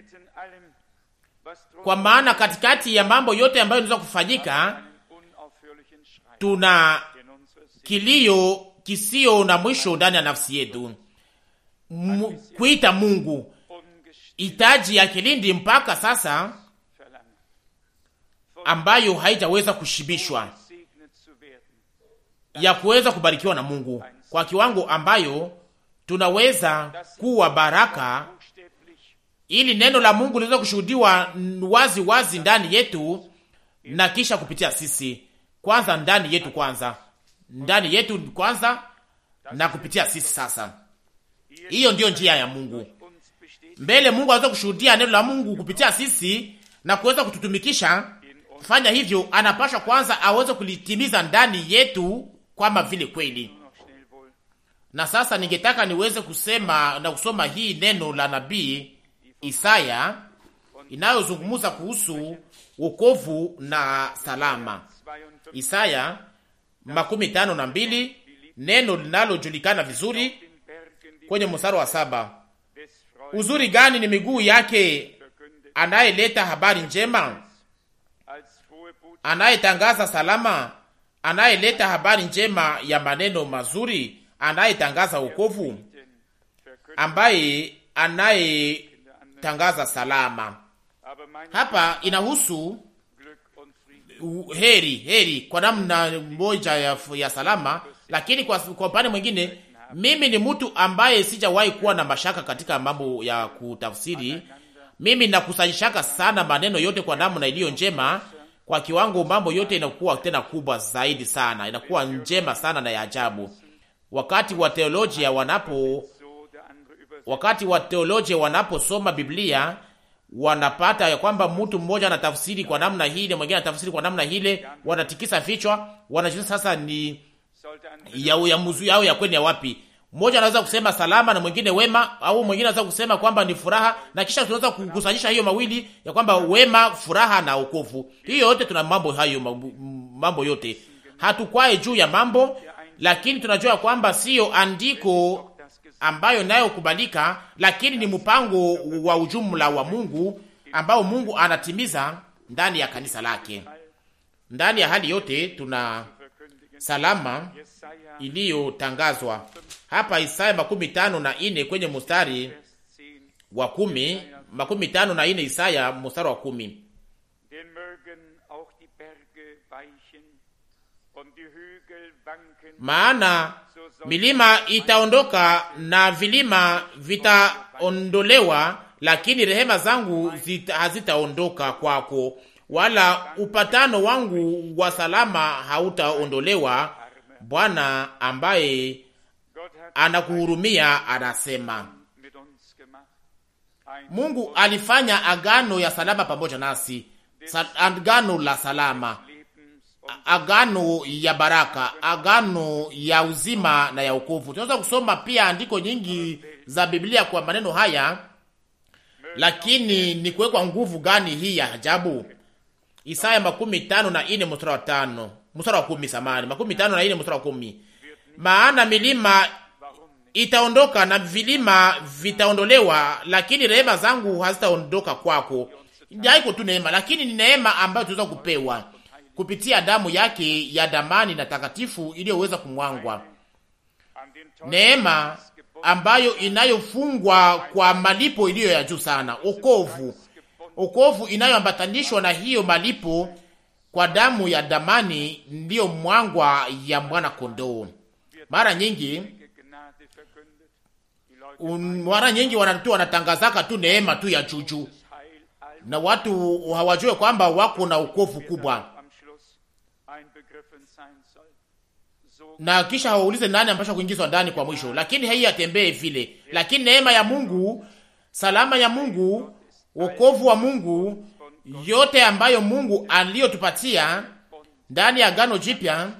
Speaker 1: kwa maana katikati ya mambo yote ambayo inaweza kufanyika tuna kilio kisio na mwisho ndani ya nafsi yetu, kuita Mungu hitaji ya kilindi mpaka sasa ambayo haijaweza kushibishwa ya kuweza kubarikiwa na Mungu kwa kiwango ambayo tunaweza kuwa baraka, ili neno la Mungu liweze kushuhudiwa wazi wazi ndani yetu na kisha kupitia sisi kwanza, ndani yetu kwanza, ndani yetu kwanza na kupitia sisi sasa. Hiyo ndiyo njia ya Mungu mbele Mungu aweze kushuhudia neno la Mungu kupitia sisi na kuweza kututumikisha kufanya hivyo, anapashwa kwanza aweze kulitimiza ndani yetu kama vile kweli. Na sasa ningetaka niweze kusema na kusoma hii neno la nabii Isaya inayozungumza kuhusu wokovu na salama. Isaya makumi tano na mbili, neno linalojulikana vizuri kwenye mstari wa saba Uzuri gani ni miguu yake anayeleta habari njema, anayetangaza salama, anayeleta habari njema ya maneno mazuri, anayetangaza wokovu, ambaye anayetangaza salama. Hapa inahusu heri, heri kwa namna moja ya, ya salama, lakini kwa, kwa upande mwingine mimi ni mtu ambaye sijawahi kuwa na mashaka katika mambo ya kutafsiri. Mimi nakusanyishaka sana maneno yote kwa namna iliyo njema, kwa kiwango mambo yote inakuwa tena kubwa zaidi sana, inakuwa njema sana na ya ajabu. Wakati wa theolojia wanapo wakati wa theolojia wanaposoma Biblia wanapata ya kwamba mtu mmoja anatafsiri kwa namna hii na mwingine anatafsiri kwa namna hile, wanatikisa vichwa, wanajua sasa ni ya uamuzi yao ya kweli ya wapi. Mmoja anaweza kusema salama na mwingine wema, au mwingine anaweza kusema kwamba ni furaha, na kisha tunaweza kukusanyisha hiyo mawili ya kwamba wema, furaha na wokovu. Hiyo yote tuna mambo hayo, mambo yote hatukwae juu ya mambo, lakini tunajua kwamba sio andiko ambayo nayo kubalika, lakini ni mpango wa ujumla wa Mungu ambao Mungu anatimiza ndani ya kanisa lake, ndani ya hali yote tuna salama iliyotangazwa hapa Isaya makumi tano na ine kwenye mustari wa kumi makumi tano na ine Isaya mustari wa kumi maana milima itaondoka na vilima vitaondolewa, lakini rehema zangu hazitaondoka kwako, wala upatano wangu wa salama hautaondolewa. Bwana ambaye anakuhurumia anasema. Mungu alifanya agano ya salama pamoja nasi, agano la salama, agano ya baraka, agano ya uzima na ya ukovu Tunaweza kusoma pia andiko nyingi za Biblia kwa maneno haya, lakini ni kuwekwa nguvu gani hii ya ajabu! Isaya makumi tano na ine mstari wa tano mstari wa kumi samani, makumi tano na ine mstari wa kumi maana milima itaondoka na vilima vitaondolewa, lakini rehema zangu hazitaondoka kwako. Haiko tu neema, lakini ni neema ambayo tunaweza kupewa kupitia damu yake ya damani na takatifu iliyoweza kumwangwa, neema ambayo inayofungwa kwa malipo iliyo ya juu sana, okovu Okovu inayoambatanishwa na hiyo malipo kwa damu ya damani ndiyo mwangwa ya mwana kondoo. Mara nyingi un, mara nyingi wanatu wanatangazaka tu neema tu ya juju, na watu hawajue kwamba wako na ukovu kubwa, na kisha hawaulize nani ampasha kuingizwa ndani kwa mwisho, lakini haiyi atembee vile. Lakini neema ya Mungu, salama ya Mungu wokovu wa Mungu, yote ambayo Mungu aliyotupatia ndani ya Agano Jipya,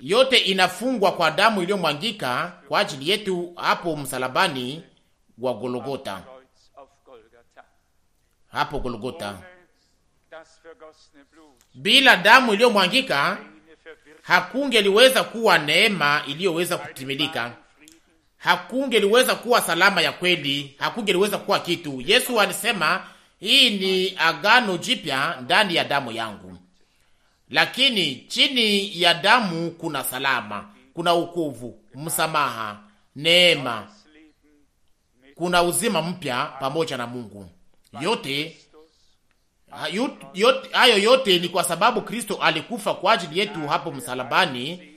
Speaker 1: yote inafungwa kwa damu iliyomwangika kwa ajili yetu hapo msalabani wa Golgota, hapo Golgota. Bila damu iliyomwangika hakungeliweza kuwa neema iliyoweza kutimilika, hakungeliweza kuwa salama ya kweli, hakungeliweza kuwa kitu. Yesu alisema hii ni agano jipya ndani ya damu yangu, lakini chini ya damu kuna salama, kuna ukovu, msamaha, neema, kuna uzima mpya pamoja na Mungu. Yote hayo yote ni kwa sababu Kristo alikufa kwa ajili yetu hapo msalabani.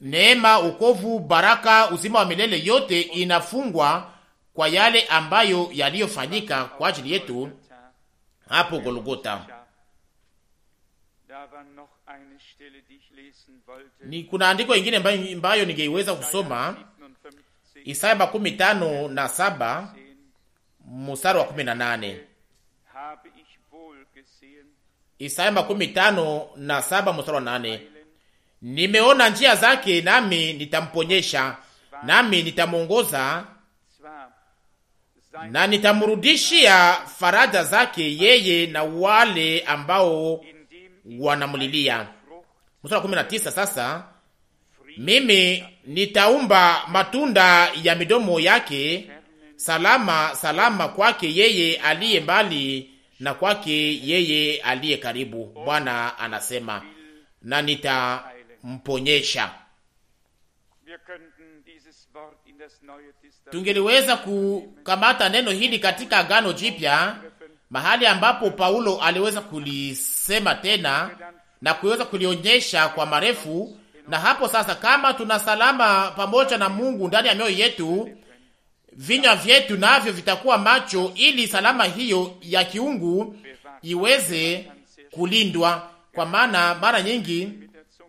Speaker 1: Neema, ukovu, baraka, uzima wa milele, yote inafungwa kwa yale ambayo yaliyofanyika kwa ajili yetu hapo Golgota. Ni kuna andiko ingine ambayo ningeiweza kusoma Isaya makumi tano na saba mstari wa kumi na nane. Isaya makumi tano na saba mstari wa nane. Nimeona njia zake, nami nitamponyesha, nami nitamwongoza na nitamrudishia faraja zake yeye na wale ambao wanamlilia. Mstari kumi na tisa. Sasa mimi nitaumba matunda ya midomo yake, salama salama kwake yeye aliye mbali na kwake yeye aliye karibu, Bwana anasema, na nitamponyesha tungeliweza kukamata neno hili katika Agano Jipya, mahali ambapo Paulo aliweza kulisema tena na kuweza kulionyesha kwa marefu. Na hapo sasa, kama tuna salama pamoja na Mungu ndani ya mioyo yetu, vinywa vyetu navyo vitakuwa macho, ili salama hiyo ya kiungu iweze kulindwa, kwa maana mara nyingi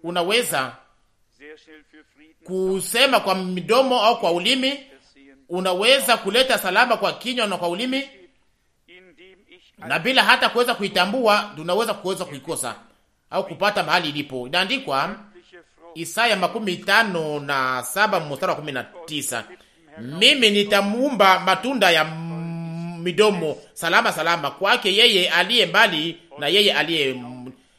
Speaker 1: unaweza kusema kwa midomo au kwa ulimi unaweza kuleta salama kwa kinywa na kwa ulimi, na bila hata kuweza kuitambua tunaweza kuweza kuikosa au kupata mahali ilipo. Inaandikwa Isaya makumi tano na saba mstari wa kumi na tisa mimi nitamuumba matunda ya midomo salama salama kwake yeye aliye mbali na yeye aliye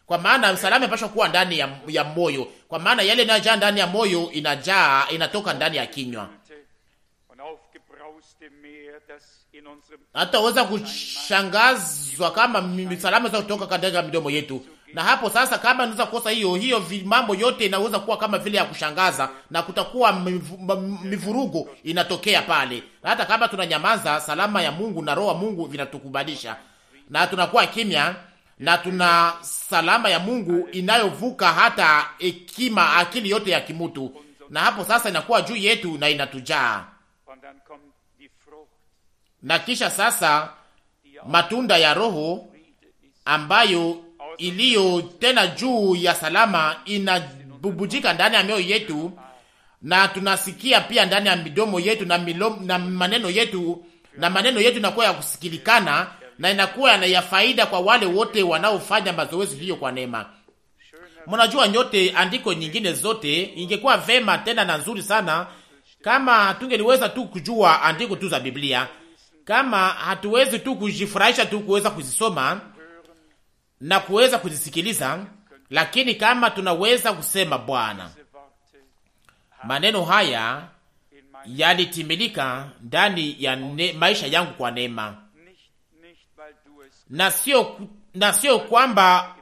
Speaker 1: kwa maana msalama inapaswa kuwa ndani ya, ya moyo, kwa maana yale inayojaa ndani ya moyo inajaa inatoka ndani ya kinywa. Hatutaweza kushangazwa kama misalama za kutoka katika midomo yetu. Na hapo sasa, kama naweza kukosa hiyo hiyo, mambo yote inaweza kuwa kama vile ya kushangaza, na kutakuwa mivurugo inatokea pale, na hata kama tunanyamaza, salama ya Mungu na roho ya Mungu vinatukubalisha, na tunakuwa kimya na tuna salama ya Mungu inayovuka hata hekima, akili yote ya kimutu, na hapo sasa inakuwa juu yetu na inatujaa, na kisha sasa matunda ya Roho ambayo iliyo tena juu ya salama inabubujika ndani ya mioyo yetu, na tunasikia pia ndani ya midomo yetu na, milo, na maneno yetu na maneno yetu nakuwa ya kusikilikana na inakuwa na ya faida kwa wale wote wanaofanya mazoezi hiyo kwa neema. Mnajua nyote andiko nyingine zote, ingekuwa vema tena na nzuri sana kama tungeliweza tu kujua andiko tu za Biblia, kama hatuwezi tu kujifurahisha tu kuweza kuzisoma na kuweza kuzisikiliza, lakini kama tunaweza kusema Bwana, maneno haya yalitimilika ndani ya ne, maisha yangu kwa neema na sio na sio kwamba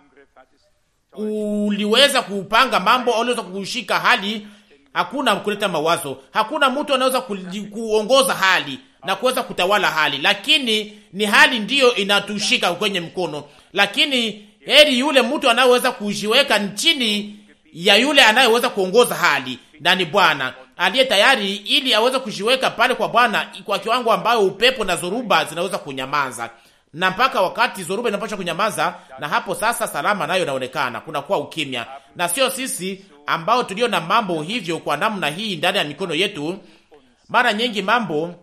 Speaker 1: uliweza kupanga mambo au uliweza kushika hali. Hakuna kuleta mawazo, hakuna mtu anaweza kuongoza hali na kuweza kutawala hali, lakini ni hali ndiyo inatushika kwenye mkono. Lakini heri yule mtu anayeweza kujiweka chini ya yule anayeweza kuongoza hali, na ni Bwana aliye tayari ili aweze kujiweka pale kwa Bwana kwa kiwango ambayo upepo na zoruba zinaweza kunyamaza na mpaka wakati zoruba inapasha kunyamaza, na hapo sasa salama nayo inaonekana, kunakuwa ukimya, na sio sisi ambao tulio na mambo hivyo kwa namna hii ndani ya mikono yetu. Mara nyingi mambo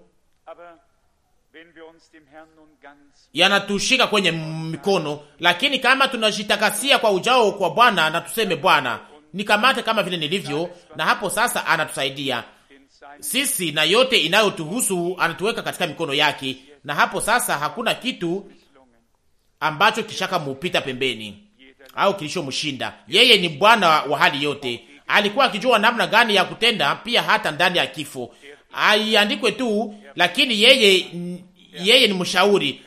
Speaker 1: yanatushika kwenye mikono, lakini kama tunajitakasia kwa ujao kwa Bwana na tuseme, Bwana nikamate kama vile nilivyo, na hapo sasa anatusaidia sisi, na yote inayotuhusu anatuweka katika mikono yake na hapo sasa hakuna kitu ambacho kishaka mupita pembeni au mshinda Yeye ni Bwana wa hali yote, alikuwa akijua namna gani ya kutenda, pia hata ndani ya kifo. Aiandikwe tu, lakini yeye yeye ni mshauri,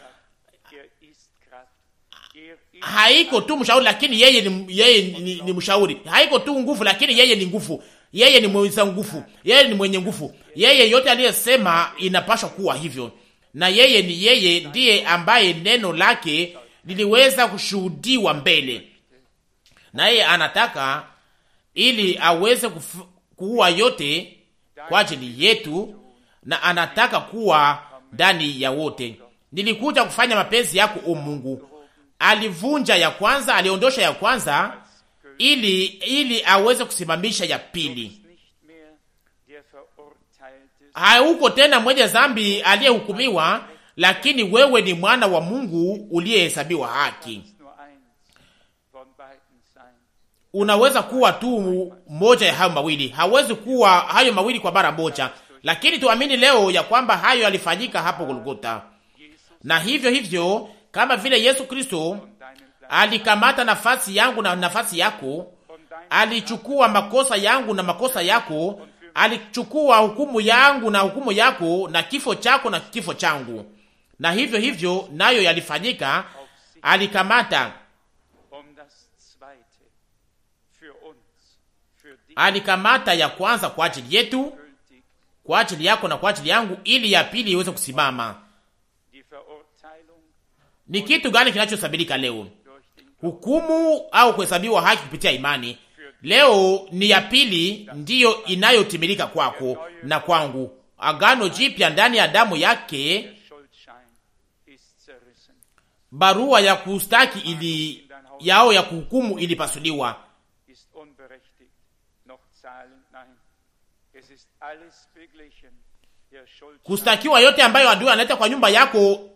Speaker 1: haiko tu mshauri, lakini yeye ni, yeye ni, ni mshauri. Haiko tu nguvu, lakini yeye ni nguvu yeye ni mwenza nguvu, yeye ni mwenye nguvu. Yeye yote aliyesema inapaswa kuwa hivyo na yeye ni yeye ndiye ambaye neno lake liliweza kushuhudiwa mbele, na yeye anataka ili aweze kuua yote kwa ajili yetu, na anataka kuwa ndani ya wote. Nilikuja kufanya mapenzi yako, o Mungu. Alivunja ya kwanza, aliondosha ya kwanza ili ili aweze kusimamisha ya pili hauko tena mwenye zambi aliyehukumiwa, lakini wewe ni mwana wa Mungu uliyehesabiwa haki. Unaweza kuwa tu moja ya hayo mawili, hawezi kuwa hayo mawili kwa mara moja, lakini tuamini leo ya kwamba hayo yalifanyika hapo Golgota, na hivyo hivyo kama vile Yesu Kristo alikamata nafasi yangu na nafasi yako, alichukua makosa yangu na makosa yako alichukua hukumu yangu na hukumu yako na kifo chako na kifo changu, na hivyo hivyo nayo yalifanyika. Alikamata alikamata ya kwanza kwa ajili yetu, kwa ajili yako na kwa ajili yangu, ili ya pili iweze kusimama. Ni kitu gani kinachosabilika leo? Hukumu au kuhesabiwa haki kupitia imani Leo ni ya pili ndiyo inayotimilika kwako na kwangu. Agano jipya ndani ya damu yake, barua ya kustaki ili yao ya kuhukumu ilipasuliwa. Kustakiwa yote ambayo adui analeta kwa nyumba yako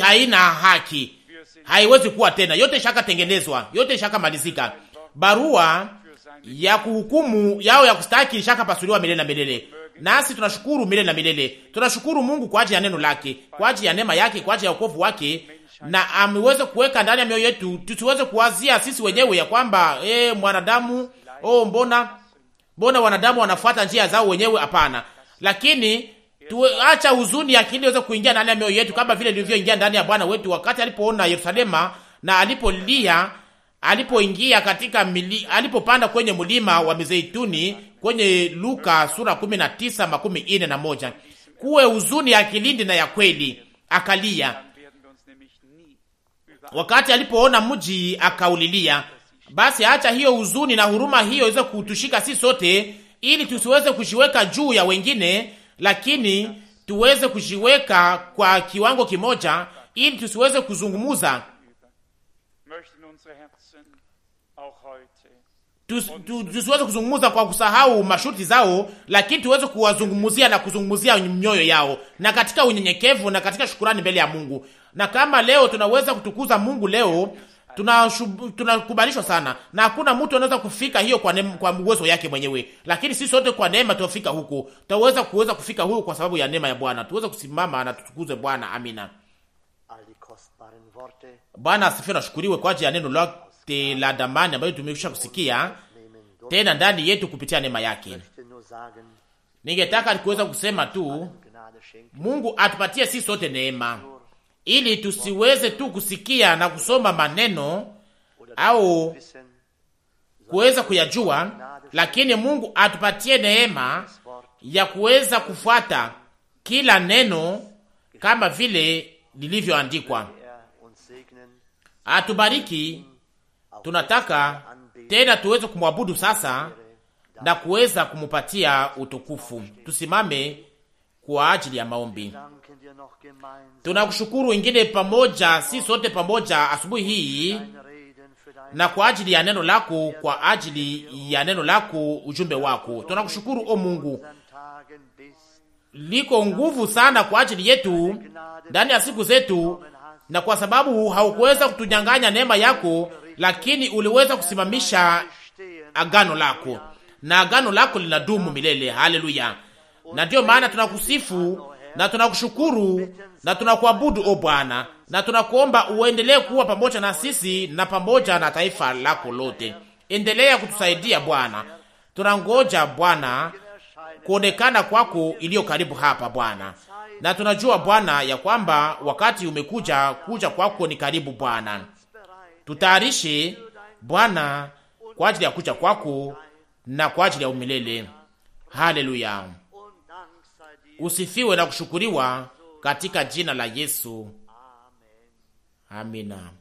Speaker 1: haina haki, haiwezi kuwa tena. Yote shaka tengenezwa, yote shaka malizika. Barua ya kuhukumu yao ya kustaki pasuliwa milele na milele. Nasi tunashukuru milele na milele, tunashukuru Mungu kwa ajili ya neno lake, kwa ajili ya neema yake, kwa ajili ya wokovu wake, na ameweza kuweka ndani ya mioyo yetu, tusiweze kuwazia sisi wenyewe ya kwamba eh, mwanadamu oh, mbona mbona wanadamu wanafuata njia zao wenyewe. Hapana, lakini tuacha huzuni, akili iweze kuingia ndani ya mioyo yetu, kama vile ilivyoingia ndani ya Bwana wetu wakati alipoona Yerusalema na alipolia alipoingia katika mili, alipopanda kwenye mlima wa Mizeituni kwenye Luka sura 19 makumi ine na moja, kuwe huzuni ya kilindi na ya kweli, akalia wakati alipoona mji akaulilia. Basi acha hiyo huzuni na huruma hiyo iweze kutushika si sote, ili tusiweze kujiweka juu ya wengine, lakini tuweze kujiweka kwa kiwango kimoja, ili tusiweze kuzungumuza tusiweze kuzungumza kwa kusahau masharti zao, lakini tuweze kuwazungumzia na kuzungumzia mioyo yao na katika unyenyekevu na katika shukurani mbele ya Mungu. Na kama leo tunaweza kutukuza Mungu leo, tunakubalishwa tuna sana, na hakuna mtu anaweza kufika hiyo kwa neema, kwa uwezo yake mwenyewe, lakini sisi sote kwa neema tuafika huku, tutaweza kuweza kufika huku kwa sababu ya neema ya Bwana. Tuweze kusimama na tutukuze Bwana. Amina. Bwana asifiwe, na shukuriwe kwa ajili ya neno lako te la damani ambayo tumekwisha kusikia tena ndani yetu kupitia neema yake. Ningetaka kuweza kusema tu Mungu atupatie sisi sote neema ili tusiweze tu kusikia na kusoma maneno au kuweza kuyajua, lakini Mungu atupatie neema ya kuweza kufuata kila neno kama vile lilivyoandikwa. Atubariki tunataka tena tuweze kumwabudu sasa na kuweza kumupatia utukufu. Tusimame kwa ajili ya maombi. Tunakushukuru wengine pamoja, si sote pamoja asubuhi hii, na kwa ajili ya neno lako, kwa ajili ya neno lako, ujumbe wako. Tunakushukuru o Mungu, liko nguvu sana kwa ajili yetu ndani ya siku zetu, na kwa sababu haukuweza kutunyang'anya neema yako lakini uliweza kusimamisha agano lako, na agano lako linadumu milele. Haleluya! Na ndiyo maana tunakusifu na tunakushukuru na tunakuabudu o Bwana, na tunakuomba uendelee kuwa pamoja na sisi na pamoja na taifa lako lote. Endelea kutusaidia Bwana, tunangoja Bwana kuonekana kwako iliyo karibu hapa Bwana, na tunajua Bwana ya kwamba wakati umekuja kuja kwako ni karibu Bwana tutayarishe Bwana kwa ajili ya kucha kwako na kwa ajili ya umilele. Haleluya, usifiwe na kushukuriwa katika jina la Yesu. Amina.